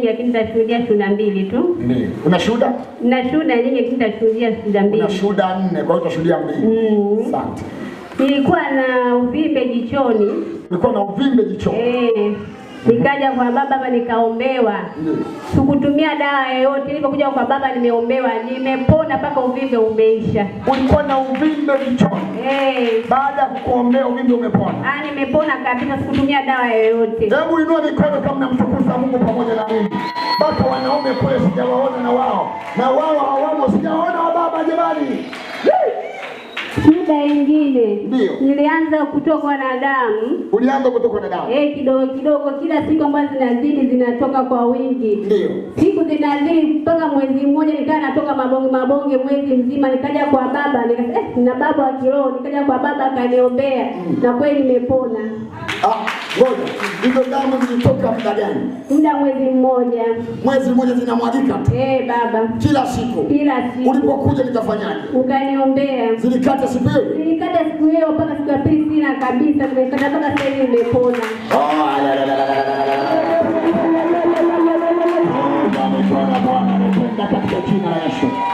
Lakini nitashuhudia shuhuda mbili tu. Ndio. Una shuhuda? Na shuhuda nyingi lakini nitashuhudia shuhuda mbili. Una shuhuda nne, kwa hiyo utashuhudia mbili. Mm. Asante. Nilikuwa na uvimbe jichoni. Nilikuwa na uvimbe jichoni. Eh. Nikaja kwa baba nikaombewa, sikutumia dawa yoyote. Nilipokuja kwa baba nimeombewa, nimepona mpaka uvimbe umeisha. Ulikuwa na uvimbe kichwani? Hey. Eh. Baada ya kukuombea uvimbe umepona? Ah, nimepona kabisa, sikutumia dawa yoyote. Hebu inua mikono kama namtukuza Mungu pamoja na mimi. Mpaka wanaume kule sijawaona na wao na wao hawamo, sijaona wa baba jamani miaka ingine ilianza nilianza kutokwa na damu. Ulianza kutokwa na damu eh, kidogo kidogo, kila siku ambazo zinazidi zinatoka kwa wingi, ndio siku zinazidi mpaka mwezi mmoja nikaa natoka mabonge mabonge mwezi mzima. Nikaja kwa baba nikasema, eh, na baba wa kiroho, nikaja kwa baba akaniombea mm. na kweli nimepona. Ah, ngoja hizo damu muda gani? Muda mwezi mmoja. Mwezi mmoja zinamwagika tu. Eh, baba. Kila siku. Kila siku. Ulipokuja nitafanyaje? Ukaniombea. Zilikata siku hiyo. Zilikata siku hiyo mpaka siku ya pili sina kabisa, nimekata mpaka sasa hivi nimepona. Oh, la la la la la. katika jina la Yesu.